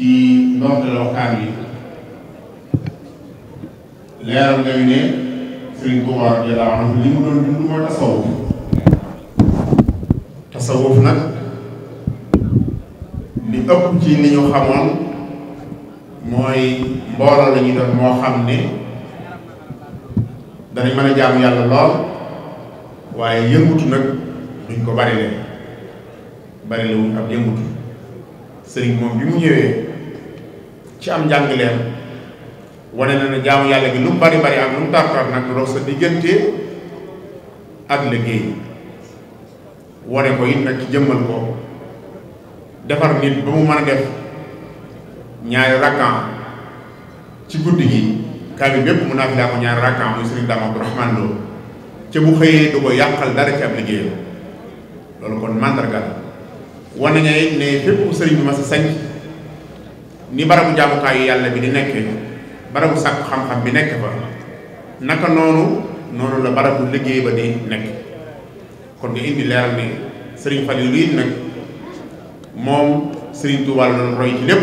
ci ndorteelu waxtaan wi leeral nga ñu ne Sëriñ Tuubaa radiyallaahu anhu li mu doon dund mooy tasawuf tasawuf nag li ëpp ci ni ñu xamoon mooy mbooloo la ñu moo xam ne danañ mën a jaamu yàlla lool waaye yëngutu nag duñ ko bari leen bari la wuñ ab yëngutu sëriñ moom bi mu ñëwee ci am njàngaleem wane na ne jaamu yàlla gi lu mu bari bari ak lu mu tar tar dox sa diggante ak liggéey wane ko it nag ci jëmmal ko defar nit ba mu mën a def ñaari rakkan ci guddi gi kaamil bépp mu naafilaa ko ñaari rakkan muy sëriñ Daam Abdourahmane Lo ca bu xëyee du yàqal dara ci ab liggéeyam loolu kon màndarga la wane ne ne fépp sëriñ bi ma sa sañ ni barabu jaamukaayu yàlla bi di nekkee barabu sàkku xam-xam bi nekk fa naka noonu noonu la barabu liggéey ba di nekk kon nga indi leeral ni sëriñ Faliilu yi nag moom sëriñ Touba la doon roy ci lépp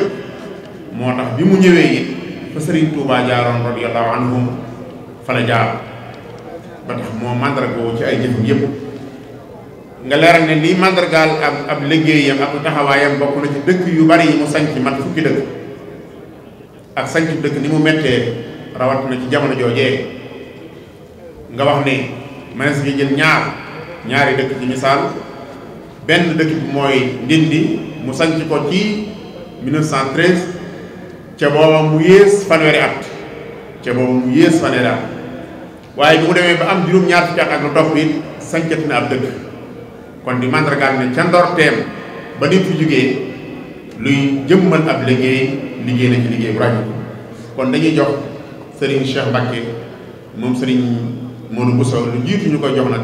moo tax bi mu ñëwee it fa sëriñ Touba jaaroon radiyallahu anhum fa la ba tax moo màndargoo ci ay jëfam yépp nga leeral ne lii màndargaal ab ab liggéeyam ak taxawaayam bokk na ci dëkk yu bari yi mu sañ ci mat fukki dëkk ak sanc dëkk ni mu méttee rawat na ci jamono joojee nga wax ne mënees nga jël ñaar ñaari dëkk ci misaal benn dëkk bi mooy Ndindi mu sanc ko ci ca booba mu yées fanweeri at ca booba mu yées fanweeri at waaye bi mu demee ba am juróom-ñaar fukki at ak lu topp it sancati na ab dëkk kon di màndargaal ne ca ndorteem ba nit fi jógee luy jëmmal ab liggéey liggéey na liggéey bu ràññiku kon dañuy jox sëriñ Cheikh Mbacke moom sëriñ Modou Bousso lu jiitu ñu koy jox nag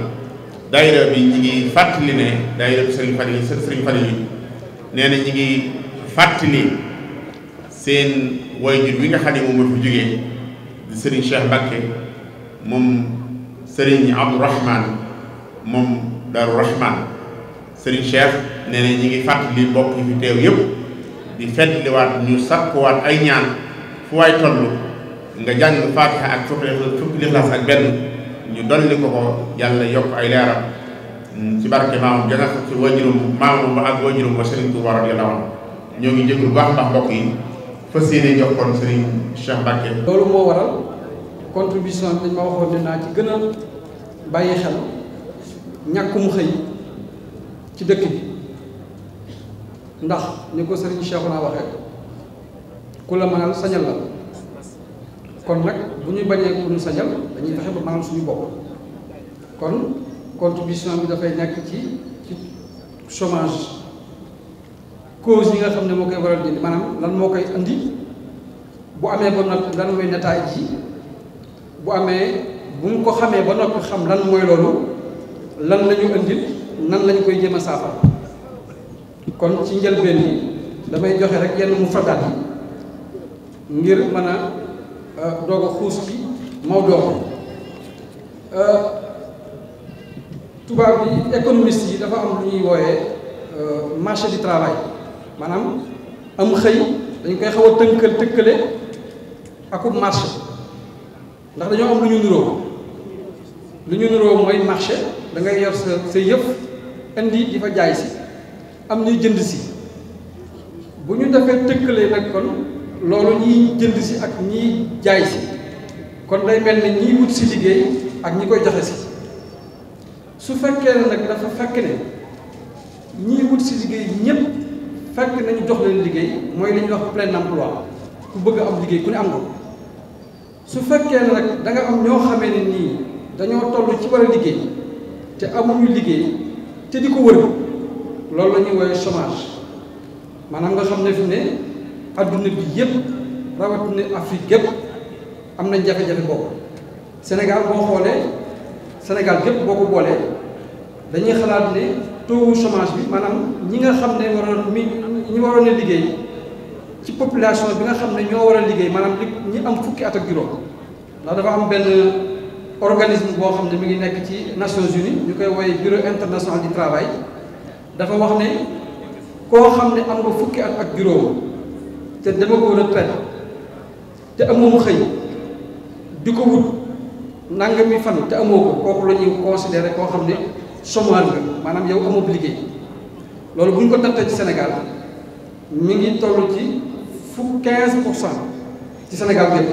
daayira bi ñi ngi fàttali ne daayira bi sëriñ Fadil sëriñ Fadil yi nee na ñi ngi fàttali seen waajur bi nga xam ne moom moo fi jógee di sëriñ Cheikh Mbacke moom sëriñ Abdou Rahman moom Darou sëriñ Cheikh nee na ñi ngi fàttali mbokk yi fi teew yëpp di fetliwaat ñu sakkuwaat ay ñaan fu waay toll nga jàng faatiha ak fukki fukki lixlaas ak benn ñu dolli ko ko yàlla yokk ay leeram ci barke maamam janga ci wajurum maamam ba ak wajurum ba Sëriñ Tuuba radiyallaahu anhu ñoo ngi jégul bu baax a mbokk yi fas yéene jokkoon Sëriñ Cheikh Mbacke loolu moo waral contribution dañ ma waxoon ne ci gën a bàyyi xel ñàkkum xëy ci dëkk bi ndax ni ko sëriñ Cheikhouna waxee ku la mënal sañal na kon nag bu ñu bañee ku ñu sañal dañuy fexe ba mënal suñu bopp kon contribution bi dafay nekk ci ci chômage cause yi nga xam ne moo koy waral di maanaam lan moo koy indi bu amee ba noppi lan mooy netaay ji bu amee bu ñu ko xamee ba noppi xam lan mooy loolu lan lañu ñu nan lañ koy jéem a saafara kon ci njëlbeen yi damay joxe rek yenn mu faddaat yi ngir mën a euh, doog a xuus bi Maodo euh, tubaab bi économiste yi dafa am lu ñuy wooyee euh, marché du travail maanaam am xëy dañ koy xaw a tënkal tëkkale marché ndax dañoo am lu ñu lu ñu niroo mooy marché da ngay yor sa sa yëpp indi di fa jaay si am ñuy jënd si bu ñu defee tëkkalee nag kon loolu ñiy jënd si ak ñiy jaay si kon day mel ne ñiy wut si liggéey ak ñi koy joxe si su fekkee ne nag dafa fekk ne ñiy wut si liggéey ñépp fekk nañu jox leen liggéey mooy li ñuy wax plein emploi ku bëgg am liggéey ku ne am nga su fekkee ne nag da am ñoo xamee ne nii dañoo toll ci war liggéey te amuñu liggéey te di ko wër loolu la ñuy woowee maanaam nga xam ne fi ne adduna bi yëpp rawatina Afrique yëpp am na jafe-jafe boobu Sénégal boo xoolee Sénégal yëpp boo ko boolee dañuy xalaat ne taux chômage bi maanaam ñi nga xam ne waroon mi ñi waroon a liggéey ci population bi nga xam ne ñoo war a liggéey maanaam li ñi am fukki at ak juróom ndax dafa am benn organisme boo xam ne mi ngi nekk ci Nations Unies ñu koy woowee bureau international du travail. dafa wax ne koo xam ne am nga fukki at ak juróom te dama ko retraite te amoo xëy di ko wut nangami fan te amoo ko kooku la ñuy rek koo xam ne chômeur nga maanaam yow amoo liggéey loolu bu ñu ko nattee ci Sénégal mi ngi toll ci fukk 15 pour cent ci Sénégal gépp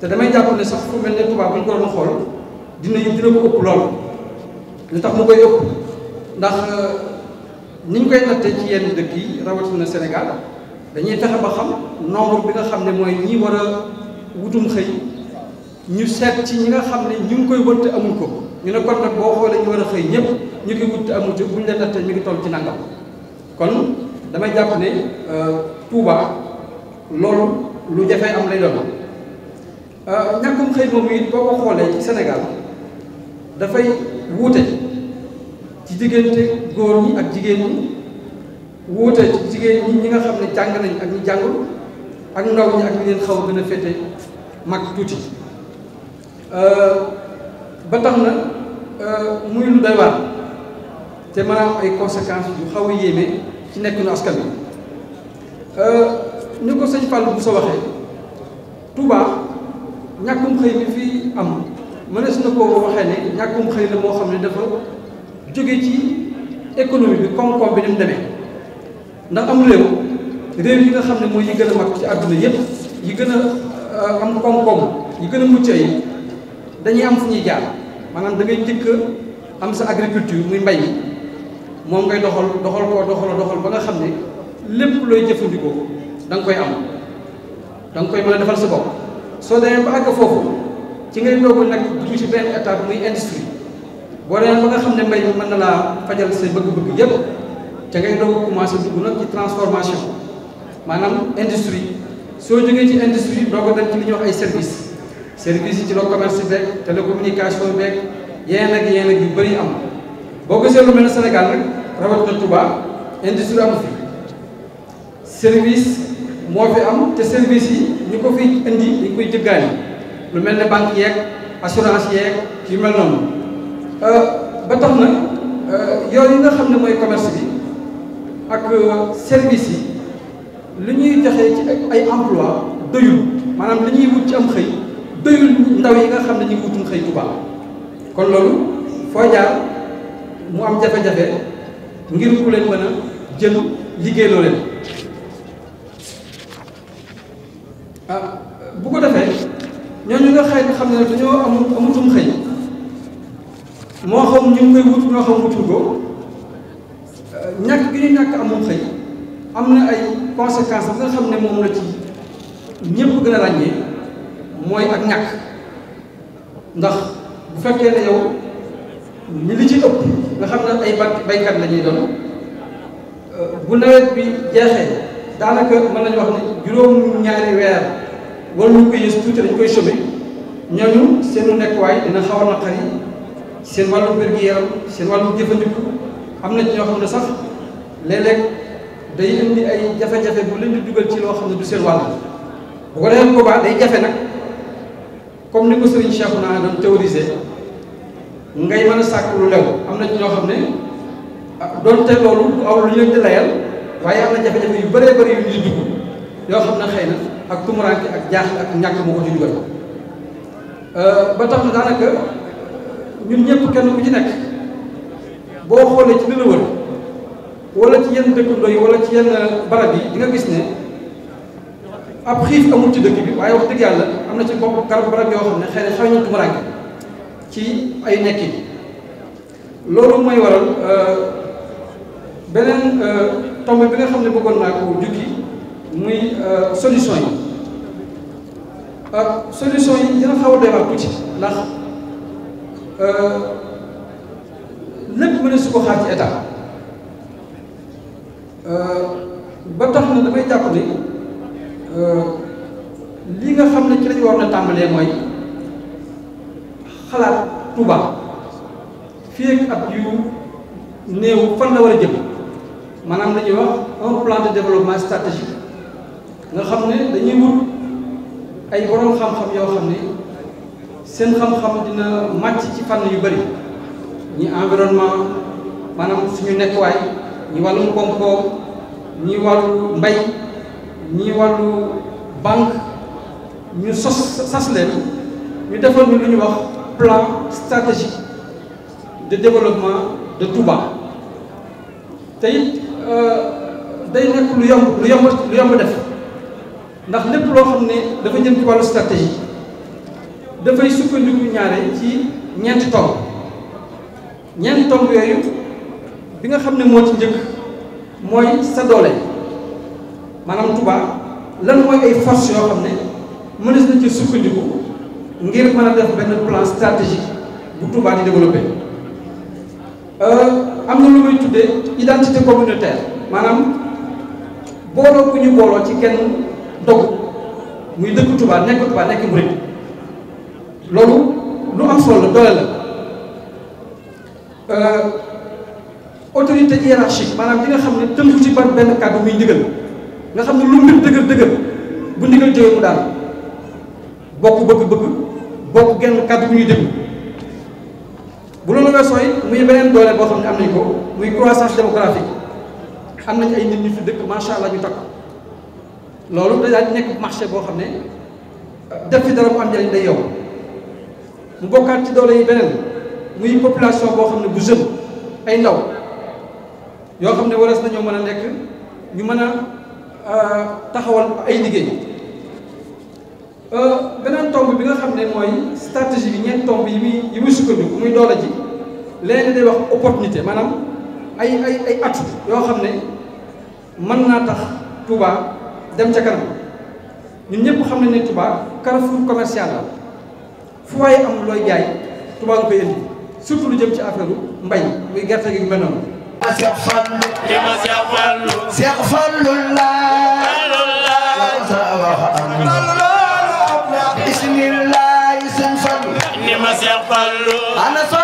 te damay jàpp ne sax fu mel ne tubaab bu ñu ko doon xool dina dina ko ëpp lool li tax mu koy ëpp. ndax euh, ni ñu koy nattee ci yenn dëkk yi rawatina Sénégal dañuy fexe ba xam nombre bi nga xam ne mooy ñi war a wutum xëy ñu seet ci ñi nga xam ne ñu ngi koy wër amul ko ñu ne kon nag boo xoolee ñu war a xëy ñëpp ñu koy wut te amul ci bu ñu leen nattee ñu ngi toll ci nangam kon damay jàpp ne euh, Touba loolu lu jafee am lay doon euh, ñàkkum xëy moom it boo ko xoolee ci Sénégal dafay wuute. ci diggante góor ñi ak jigéen ñi wuute ci jigéen ñi ñi nga xam ne jàng nañ ak ñi jàngul ak ndaw ñi ak ñi leen xaw a gën a féete mag tuuti euh, ba tax na euh, muy lu doy waar te maanaam ay conséquences yu xaw a yéeme ci nekkinu askan bi euh, ni ko sëñ Fallou bu sa waxee Touba ñàkkum xëy mi fii am mënees na koo waxee ne ñàkkum xëy la moo xam ne dafa jóge ci économie bi koom-koom bi ni mu demee ndax am réew réew yi nga xam ne mooy yi gën a mag ci àdduna yépp yi gën a euh, am koom-koom yi gën a mucc yi dañuy am fu ñuy jaar maanaam da ngay njëkk am sa agriculture muy mbay mi moom ngay doxal doxal ko doxal doxal ba nga xam ne lépp looy jëfandikoo danga koy am da nga koy mën a defal sa bopp soo demee ba àgg foofu ci ngay doog nag dugg ci benn état muy industrie boo demee ba nga xam ne mbay mi mën na laa fajal sa bëgg-bëgg yëpp te ngay doog a commencé dugg nag ci transformation maanaam industrie soo jógee ci industrie doo ko dem li ñuy wax ay service service yi ci la commerce beeg télécommunication beeg yeneen ak yeneen ak yu bëri am boo ko seetlu mel ne Sénégal nag rawat na Touba industrie amu fi service moo fi am te service yi ñu ko fi indi ñu koy jëggaani lu mel ne banque yeeg assurance yeeg yu mel noonu. Euh, ba tax na euh, yoon yi nga xam ne mooy commerce bi ak euh, service yi li ñuy joxe ci ay emploi doyul maanaam li ñuy wut ci am xëy doyul ndaw yi nga xam ne ñu ngi wutum xëy bu baax kon loolu foo jaar mu am jafe-jafe ngir ku leen man a jël liggéey loo ah, bu ko defee ñooñu nga xëy xam ne dañoo am amutum xëy moo xam ñu ngi koy wut ñoo xam wutul ko euh, ñàkk gi ñu ñàkk amum xëy am na ay conséquences nga xam ne moom la ci ñëpp gën a ràññee mooy ak ñàkk ndax bu fekkee ne yow ñi li ci ëpp nga xam ne ay baykat la ñuy doon euh, bu nawet bi jeexee daanaka mën nañu wax ne juróom-ñaari weer wala ñu koy yës tuuti dañu koy chômer ñooñu seenu nekkuwaay dina na a naqari seen wàllu wér-gu-yaram seen wàllu jëfandiku am na ci ñoo xam ne sax léeg-léeg day indi ay jafe-jafe bu leen di dugal ci loo xam ne du seen wàll bu ko defee boobaa day jafe nag comme ni ko sëriñ Cheikh naa doon théorisé ngay mën a sàkk lu lew am na ci ñoo xam ne ah, doon te loolu du aw lu leen di layal waaye am na jafe-jafe yu baree bëri yu ñuy dugg yoo xam ne xëy na ak tumuraanke ak jaaxle ak ñàkk moo ko ci dugal euh, ba tax na daanaka ñun ñëpp kenn ku ci nekk boo xoolee ci li la wala ci yenn dëkkandoo yi wala ci yenn barab yi di gis ne ab xiif amul ci dëkk bi waaye wax dëgg yàlla am na ci bopp garab barab yoo xam ne xëy na xaw ay nekki loolu waral euh, beneen euh, tomb bi nga xam ne bëggoon naa ko jukki muy euh, solution yi solution yi dina xaw a doy waar tuuti ndax Euh, lépp mën ne su ko xaar ci état euh, ba tax na damay jàpp ni euh, li nga xam ne ci lañu war na tàmbalee mooy xalaat Touba fii ak at yu néew fan la war a jëm maanaam la ñuy wax un plan de développement stratégique nga xam ne dañuy wut ay borom xam-xam yoo xam ne seen xam-xam dina màcc ci fànn yu bëri ñi environnement maanaam suñu nekkuwaay ñi wàllum koom-koom ñi wàllu mbay ñi wàllu banque ñu sos sas leen ñu defal ñu lu ñu wax plan stratégique de développement de Touba te it euh, day nekk lu yomb lu yomb lu yomb def ndax lépp loo xam ne dafa jëm ci wàllu stratégie dafay sukkandiku ñaare ci ñeenti tomb ñeenti tomb yooyu bi nga xam ne moo ci njëkk mooy sa doole maanaam Tuubaa lan mooy ay force yoo xam ne mënees na ci sukkandiku ngir mën a def benn plan stratégique bu Tuubaa di développé euh, am na lu muy tuddee identité communautaire maanaam booloo ku ñu booloo ci kenn dog muy dëkk Tuubaa nekk Tuubaa nekk murit loolu lu am solo la doole la euh, autorité hiérarchique maanaam li nga xam ne tënku si ban benn kàddu muy ndigal nga xam ne lu mbir dëgër dëgër bu ndigal jógee mu daal bokk bëgg-bëgg bokk genn kàddu bu ñuy déglu bu loolu weesoo it muy beneen doole boo xam ne am nañ ko muy croissance démographique am nañ ay nit ñu fi dëkk macha allah ñu takk loolu day daal nekk marché boo xam ne def fi dara mu am njëriñ day yow. mu bokkaat ci doole yi beneen muy population boo xam ne bu jeune ay ndaw yoo xam ne waras nañoo mën a nekk ñu mën a euh, taxawal ay liggéey euh, beneen tomb bi nga xam ne mooy stratégie bi ñeent tomb yi muy yi muy sukkandiku muy doole ji léegi day wax opportunité maanaam ay ay ay at yoo xam ne mën naa tax Touba dem ca bi ñun ñëpp xam nañ ne Touba carrefour commercial la fu waaye am looy jaay tubaab nga koy indi surtout lu jëm ci affaire mbay muy gerte gi mel noonu. Cheikh Fallou. Cheikh Fallou. Cheikh Fallou